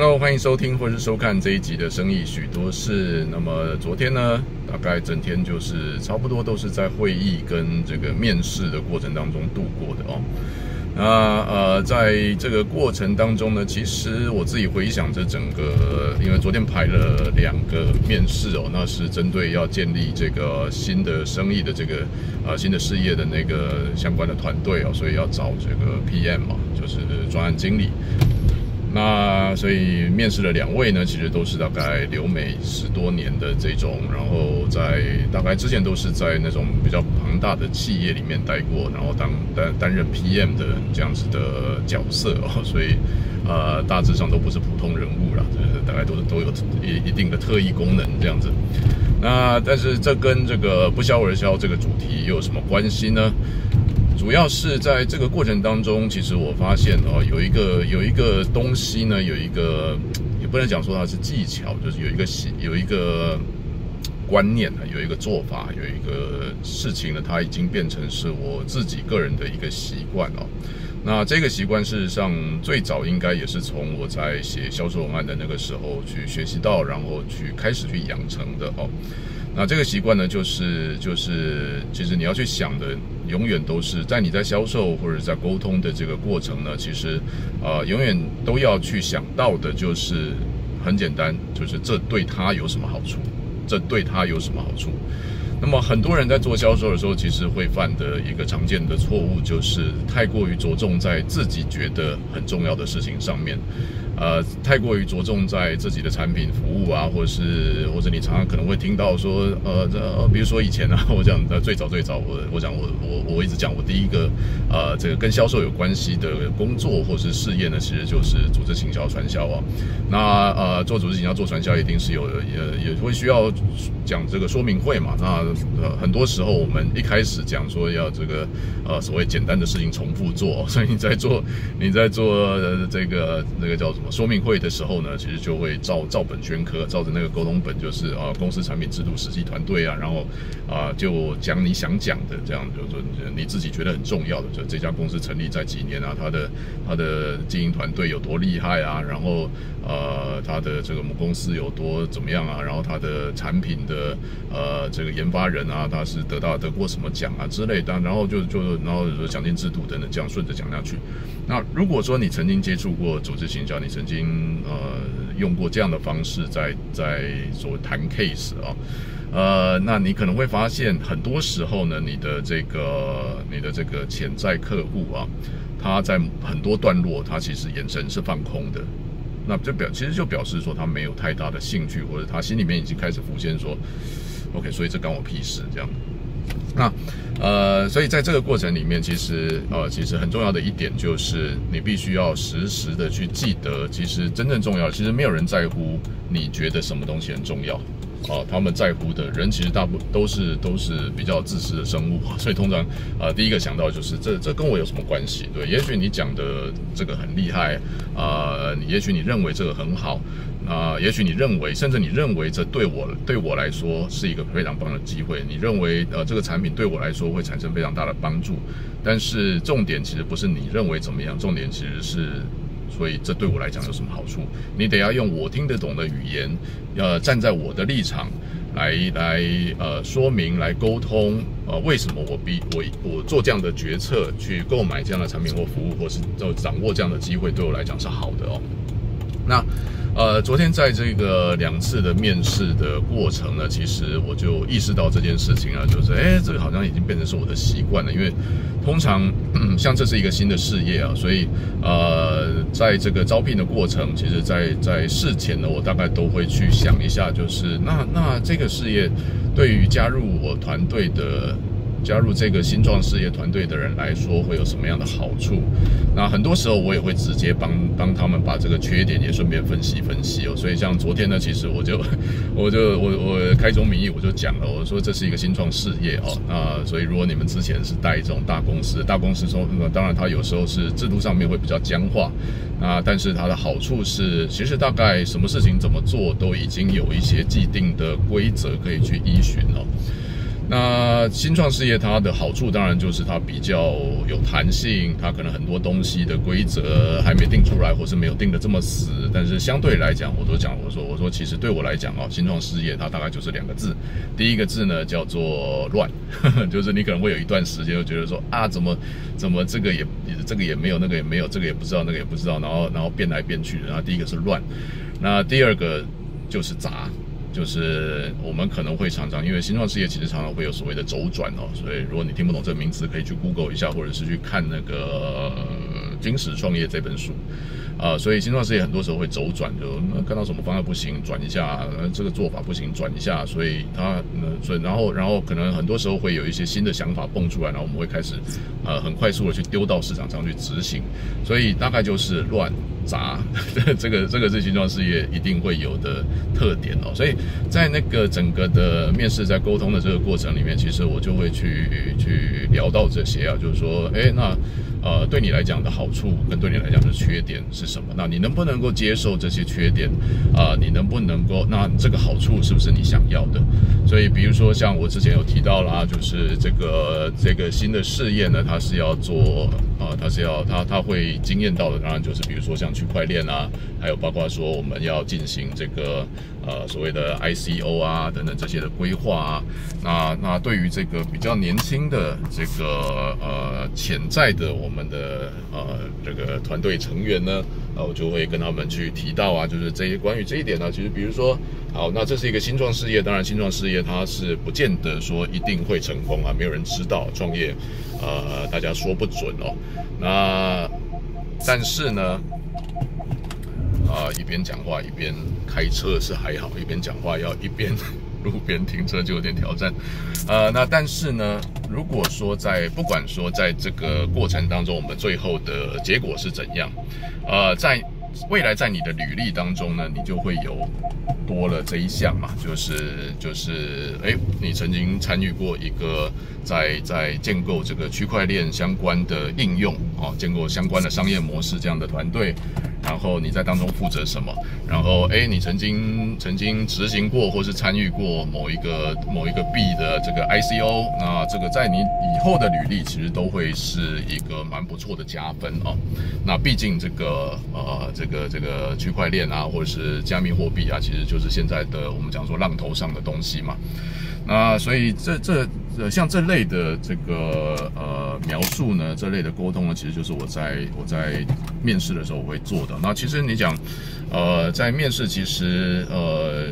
Hello，歡迎收聽或者是收看這一集的生意許多事。那麼昨天呢，大概整天就是差不多都是在會議跟這個面試的過程當中度過的哦。那呃，在這個過程當中呢，其實我自己回想這整個，因為昨天排了兩個面試哦，那是針對要建立這個新的生意的這個啊、呃、新的事業的那個相關的團隊哦，所以要找這個 PM 嘛、哦，就是專案經理。那所以面試的兩位呢，其實都是大概留美十多年的這種，然後在大概之前都是在那種比較龐大的企業裡面待過，然後當擔任 PM 的這樣子的角色哦。所以，呃，大致上都不是普通人物了，就是、大概都是都有一定的特異功能這樣子。那但是這跟這個不肖而肖這個主題又有什麼關係呢？主要是在這個過程當中，其實我發現哦，有一個有一個東西呢，有一個也不能講說它是技巧，就是有一個習，有一個觀念，有一個做法，有一個事情呢，它已經變成是我自己個人的一個習慣哦。那這個習慣事實上最早應該也是從我在寫銷售文案的那個時候去學習到，然後去開始去養成的哦。那這個習慣呢，就是就是，其實你要去想的，永遠都是在你在銷售或者在溝通的這個過程呢，其實，啊、呃，永遠都要去想到的就是，很簡單，就是這對他有什麼好處，這對他有什麼好處。那麼很多人在做銷售的時候，其實會犯的一個常見的錯誤，就是太過於着重在自己覺得很重要的事情上面，呃，太過於着重在自己的產品、服務啊，或者是，或者你常常可能會聽到說，呃，呃，這比如說以前啊，我講的最早最早，我我講我我我一直講我第一個呃這個跟銷售有關係的工作或者是事業呢，其實就是組織行銷傳銷啊。那呃，做組織行銷做傳銷一定是有也也會需要講這個說明會嘛，那。呃，很多時候我們一開始講說要這個，呃，所謂簡單的事情重複做，所以你在做你在做、呃、這個那、這個叫什麼說明會的時候呢，其實就會照照本宣科，照着那個溝通本就是啊、呃，公司產品制度實際團隊啊，然後啊、呃、就講你想講的，這樣，比如說你自己覺得很重要的，就這家公司成立在幾年啊，它的它的經營團隊有多厲害啊，然後呃，它的這個母公司有多怎麼樣啊，然後它的產品的呃這個研發。他人啊，他是得到得過什麼獎啊之類的，然後就就然後就說獎金制度等等，這樣順着講下去。那如果說你曾經接觸過組織行銷，你曾經呃用過這樣的方式在在所談 case 啊，呃，那你可能會發現很多時候呢，你的這個你的這個潛在客戶啊，他在很多段落他其實眼神是放空的，那就表其實就表示說他沒有太大的興趣，或者他心裡面已經開始浮現說。OK，所以這關我屁事，這樣。那、啊，呃，所以在這個過程裡面，其實，呃，其實很重要的一點就是，你必須要時時的去記得，其實真正重要，其實沒有人在乎你覺得什麼東西很重要。啊，他們在乎的人其實大部分都是都是比較自私的生物，所以通常啊、呃，第一個想到就是這這跟我有什麼關係？對，也許你講的這個很厲害啊、呃，也許你認為這個很好，啊、呃，也許你認為甚至你認為這對我對我來說是一個非常棒的機會，你認為呃這個產品對我來說會產生非常大的幫助，但是重點其實不是你認為怎麼樣，重點其實是。所以這對我來講有什麼好處？你得要用我聽得懂的語言，呃，站在我的立場來來呃說明，來溝通，呃，為什麼我比我我做這樣的決策，去購買這樣的產品或服務，或是就掌握這樣的機會，對我來講是好的哦。那呃，昨天在這個兩次的面試的過程呢，其實我就意識到這件事情啊，就是誒，這個好像已經變成是我的習慣了，因為通常。嗯，像這是一個新的事業啊，所以，呃，在這個招聘的過程，其實在，在在事前呢，我大概都會去想一下，就是那那這個事業對於加入我團隊的。加入這個新創事業團隊的人來說，會有什麼樣的好處？那很多時候我也會直接幫幫他們把這個缺點也順便分析分析哦。所以像昨天呢，其實我就我就我我開宗明義我就講了，我說這是一個新創事業哦。那所以如果你們之前是帶這種大公司，大公司說，那當然它有時候是制度上面會比較僵化，那但是它的好處是，其實大概什麼事情怎麼做都已經有一些既定的規則可以去依循了哦。那新創事業它的好處當然就是它比較有彈性，它可能很多東西的規則還沒定出來，或是沒有定得這麼死。但是相對來講，我都講我說我說，我說其實對我來講，新創事業它大概就是兩個字，第一個字呢叫做亂，就是你可能會有一段時間覺得說啊怎麼怎麼這個也也這個也沒有那個也沒有這個也不知道那個也不知道，然後然後變來變去的。然後第一個是亂，那第二個就是雜。就是我們可能會常常，因為新創事業其實常常會有所謂的軸轉哦，所以如果你聽不懂這個名詞，可以去 Google 一下，或者是去看那個。《精實創業》這本書，啊、呃，所以新創事業很多時候會走轉，就看到什麼方案不行轉一下，這個做法不行轉一下，所以他、呃，所以然後然後可能很多時候會有一些新的想法蹦出來，然後我們會開始，呃，很快速的去丟到市場上去執行，所以大概就是亂砸，這個這個是新創事業一定會有的特點哦，所以在那個整個的面試在溝通的這個過程裡面，其實我就會去去聊到這些啊，就是說，哎，那呃，對你來講。好處跟對你來講的缺點是什麼？那你能不能夠接受這些缺點？啊、呃，你能不能夠？那這個好處是不是你想要的？所以，比如說像我之前有提到啦，就是這個這個新的試驗呢，它是要做啊、呃，它是要它它會驚艷到的。當然就是比如說像區塊鏈啊，還有包括說我們要進行這個。呃，所謂的 ICO 啊，等等這些的規劃啊，那那對於這個比較年輕的這個呃潛在的我們的呃這個團隊成員呢，我就會跟他們去提到啊，就是這些關於這一點呢，啊，其實比如說，好，那這是一個新創事業，當然新創事業它是不見得說一定會成功啊，沒有人知道創業，呃，大家說不準哦。那但是呢，啊，呃，一邊講話一邊。開車是還好，一邊講話要一邊路邊停車就有點挑戰。呃，那但是呢，如果說在不管說在這個過程當中，我們最後的結果是怎樣，呃，在未來在你的履歷當中呢，你就會有多了這一項嘛，就是就是誒，你曾經參與過一個在在建構這個區塊鏈相關的應用啊，建構相關的商業模式這樣的團隊。然後你在當中負責什麼？然後哎，你曾經曾經執行過或是參與過某一個某一個幣的這個 ICO，那這個在你以後的履歷其實都會是一個蠻不錯的加分哦、啊。那畢竟這個呃這個這個區塊鏈啊，或者是加密貨幣啊，其實就是現在的我們講說浪頭上的東西嘛。那所以這這。像這類的這個呃描述呢，這類的溝通呢，其實就是我在我在面試的時候我會做的。那其實你講，呃，在面試，其實呃，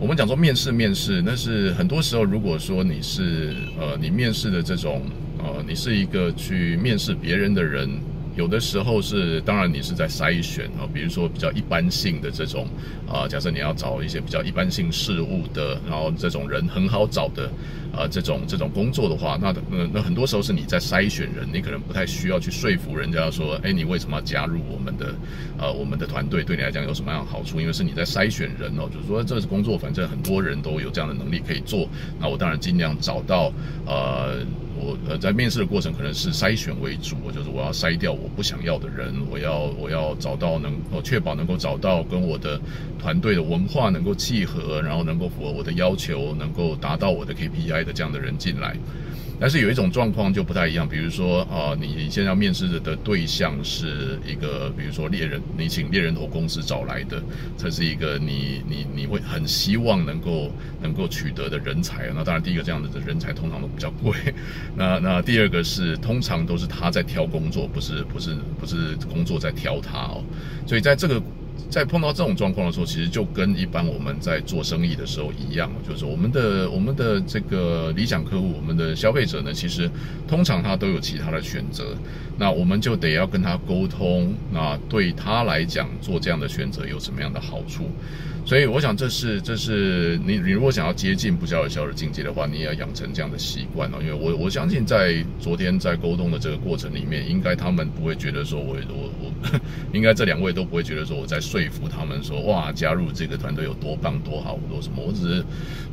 我們講說面試面試，但是很多時候如果說你是呃，你面試的這種呃你是一個去面試別人的人。有的時候是，當然你是在篩選，比如說比較一般性的這種啊、呃，假設你要找一些比較一般性事務的，然後這種人很好找的啊、呃，這種這種工作的話，那那那很多時候是你在篩選人，你可能不太需要去說服人家說，哎，你為什麼要加入我們的啊、呃，我們的團隊對你來講有什麼樣的好處？因為是你在篩選人哦，就是說這是工作，反正很多人都有這樣的能力可以做，那我當然盡量找到呃。我呃，在面試的過程可能是篩選為主，就是我要篩掉我不想要的人，我要我要找到能確保能夠找到跟我的團隊的文化能夠契合，然後能夠符合我的要求，能夠達到我的 KPI 的這樣的人進來。但是有一種狀況就不太一樣，比如說啊，你現在要面試的對象是一個，比如說獵人，你請獵人頭公司找來的，才是一個你你你會很希望能夠能夠取得的人才。那當然，第一個這樣的人才通常都比較貴。那那第二個是，通常都是他在挑工作，不是不是不是工作在挑他哦。所以在這個。在碰到這種狀況的時候，其實就跟一般我們在做生意的時候一樣，就是我們的我們的這個理想客戶，我們的消費者呢，其實通常他都有其他的選擇，那我們就得要跟他溝通，那對他來講做這樣的選擇有什麼樣的好處？所以我想這是這是你你如果想要接近不銷而銷的境界的話，你也要養成這樣的習慣哦。因為我我相信在昨天在溝通的這個過程裡面，應該他們不會覺得說我我我，應該這兩位都不會覺得說我在說。說服他們說哇，加入這個團隊有多棒、多好、多什麼？我只是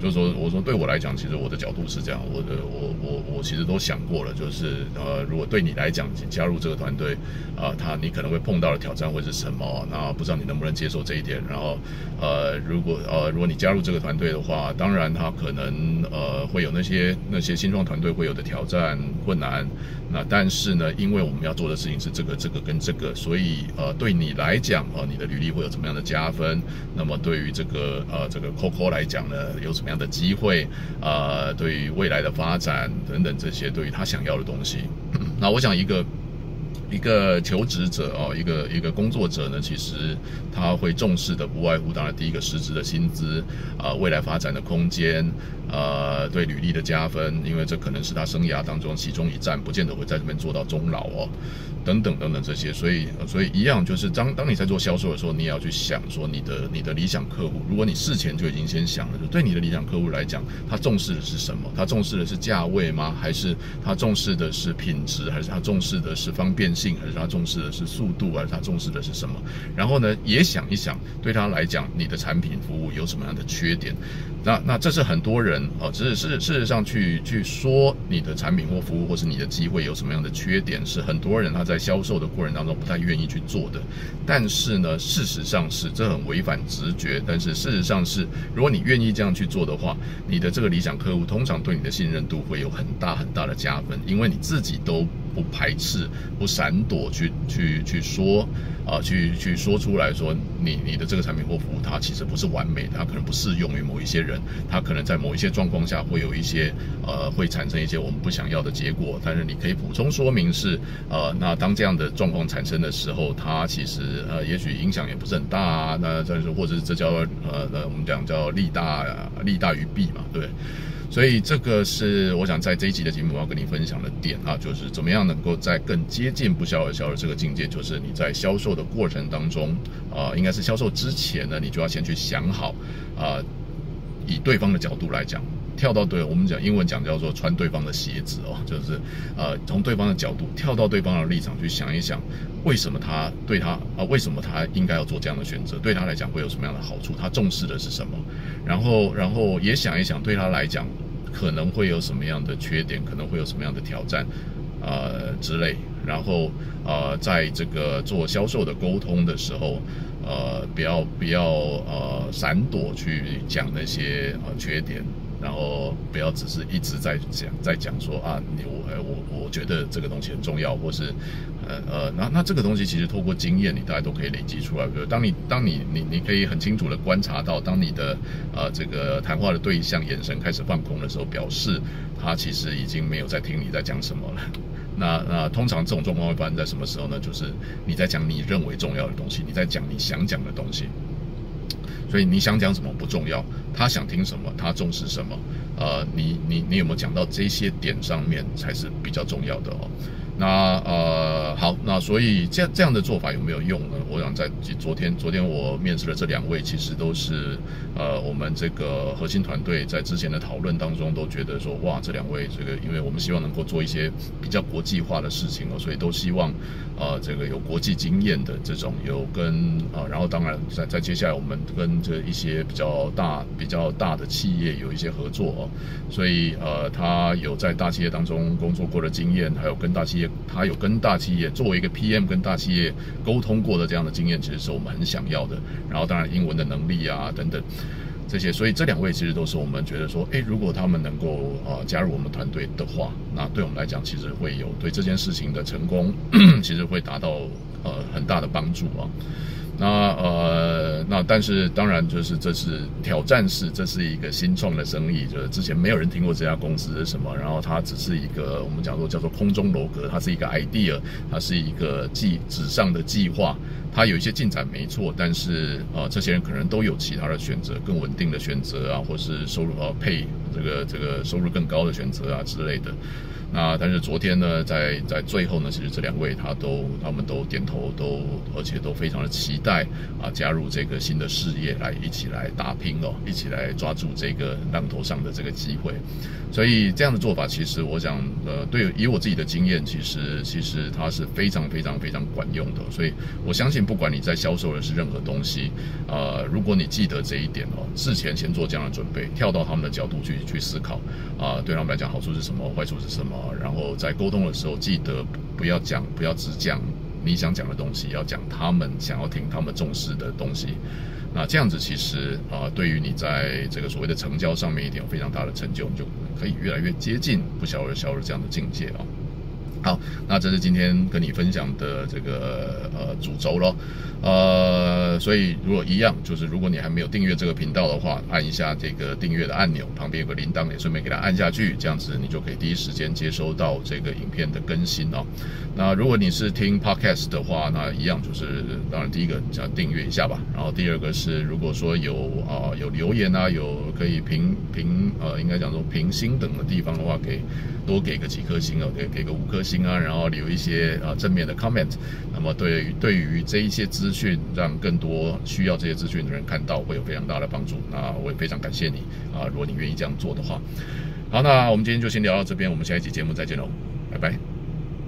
就是說我說，對我來講，其實我的角度是這樣，我的我我我其實都想過了，就是呃，如果對你來講加入這個團隊啊，他、呃、你可能會碰到的挑戰會是什麼？那不知道你能不能接受這一點？然後呃，如果呃，如果你加入這個團隊的話，當然他可能呃會有那些那些新創團隊會有的挑戰困難。那但是呢，因為我們要做的事情是這個這個跟這個，所以呃，對你來講啊、呃，你的旅你會有怎麼樣的加分？那麼對於這個呃，這個扣扣來講呢，有什麼樣的機會啊、呃？對於未來的發展等等這些，對於他想要的東西，那我想一個。一個求職者哦，一個一個工作者呢，其實他會重視的不外乎當然第一個，實質的薪資啊、呃，未來發展的空間啊、呃，對履歷的加分，因為這可能是他生涯當中其中一站，不見得會在這邊做到終老哦，等等等等這些，所以所以一樣就是當當你在做銷售的時候，你也要去想說你的你的理想客戶，如果你事前就已經先想了，就對你的理想客戶來講，他重視的是什麼？他重視的是價位嗎？還是他重視的是品質？還是他重視的是方便？性？還是他重視的是速度，還是他重視的是什麼？然後呢，也想一想，對他來講，你的產品服務有什麼樣的缺點？那那這是很多人啊，哦，只是事事實上去去說你的產品或服務，或是你的機會有什麼樣的缺點，是很多人他在銷售的過程當中不太願意去做的。但是呢，事實上是這很違反直覺，但是事實上是，如果你願意這樣去做的話，你的這個理想客戶通常對你的信任度會有很大很大的加分，因為你自己都。不排斥，不閃躲，去去去說啊、呃，去去說出來，說你你的這個產品或服務，它其實不是完美的，它可能不適用於某一些人，它可能在某一些狀況下會有一些呃，會產生一些我們不想要的結果。但是你可以補充說明是，呃，那當這樣的狀況產生的時候，它其實呃，也許影響也不是很大，啊。那但，就是或者是這叫呃，我們講叫利大，利大於弊嘛，對，對。所以這個是我想在這一集的節目，我要跟你分享的點啊，就是怎麼樣能夠在更接近不銷而銷的這個境界，就是你在銷售的過程當中啊、呃，應該是銷售之前呢，你就要先去想好啊、呃，以對方的角度來講，跳到對我們講英文講叫做穿對方的鞋子哦，就是呃從對方的角度跳到對方的立場去想一想。為什麼他對他啊？為什麼他應該要做這樣的選擇？對他來講會有什麼樣的好處？他重視的是什麼？然後，然後也想一想，對他來講可能會有什麼樣的缺點？可能會有什麼樣的挑戰啊、呃、之類。然後啊、呃，在這個做銷售的溝通的時候，呃，不要不要呃，閃躲去講那些啊缺點。然後不要只是一直在講，在講說啊，你我我我覺得這個東西很重要，或是，呃呃，那那這個東西其實透過經驗，你大家都可以累積出來。比如當你當你你你可以很清楚地觀察到，當你的呃這個談話的對象眼神開始放空的時候，表示他其實已經沒有在聽你在講什麼了。那那通常這種狀況會發生在什麼時候呢？就是你在講你認為重要的東西，你在講你想講的東西。所以你想講什麼不重要，他想聽什麼，他重視什麼，呃，你你你有沒有講到這些點上面才是比較重要的哦。那呃好，那所以這這樣的做法有沒有用呢？我想在昨天，昨天我面試的這兩位，其實都是呃我們這個核心團隊在之前的討論當中都覺得說，哇，這兩位這個，因為我們希望能夠做一些比較國際化的事情哦，所以都希望呃這個有國際經驗的這種，有跟呃然後當然在在接下來我們跟這一些比較大比較大的企業有一些合作哦，所以呃他有在大企業當中工作過的經驗，還有跟大企業。他有跟大企業作為一個 PM 跟大企業溝通過的這樣的經驗，其實是我們很想要的。然後，當然英文的能力啊等等這些，所以這兩位其實都是我們覺得說，誒，如果他們能夠呃加入我們團隊的話，那對我們來講，其實會有對這件事情的成功，呵呵其實會達到呃很大的幫助啊。那呃，那但是當然就是這是挑戰式，這是一個新創的生意，就是之前沒有人聽過這家公司是什麼，然後它只是一個我們講說叫做空中樓閣，它是一個 idea，它是一個計紙上的計劃，它有一些進展沒錯，但是呃，這些人可能都有其他的選擇，更穩定的選擇啊，或是收入呃、啊、配這個這個收入更高的選擇啊之類的。那但是昨天呢，在在最後呢，其實這兩位他都他們都點頭都，都而且都非常的期待啊，加入這個新的事業來一起來打拼哦，一起來抓住這個浪頭上的這個機會。所以這樣的做法，其實我想，呃，對以我自己的經驗其，其實其實它是非常非常非常管用的。所以我相信，不管你在銷售的是任何東西，啊、呃，如果你記得這一點哦，事前先做這樣的準備，跳到他們的角度去去思考，啊、呃，對他們來講好處是什麼，壞處是什麼。啊，然後在溝通的時候，記得不要講，不要只講你想講的東西，要講他們想要聽、他們重視的東西。那這樣子其實啊、呃，對於你在這個所謂的成交上面一點，一定有非常大的成就，你就可以越來越接近不銷而銷的這樣的境界啊、哦。好，那這是今天跟你分享的這個呃主軸咯，呃，所以如果一樣，就是如果你還沒有訂閱這個頻道的話，按一下這個訂閱的按鈕，旁邊有個鈴鐺，也順便給它按下去，這樣子你就可以第一時間接收到這個影片的更新哦。那如果你是聽 podcast 的話，那一樣就是當然第一個想要訂閱一下吧，然後第二個是如果說有啊、呃、有留言啊，有可以評評呃應該講說評星等的地方的話，可以多給個幾顆星哦，給給個五顆星。心啊，然後留一些啊正面的 comment，那麼對於對於這一些資訊，讓更多需要這些資訊的人看到，會有非常大的幫助。那我也非常感謝你啊，如果你願意這樣做的話，好，那我們今天就先聊到這邊，我們下一期節目再見嘍，拜拜。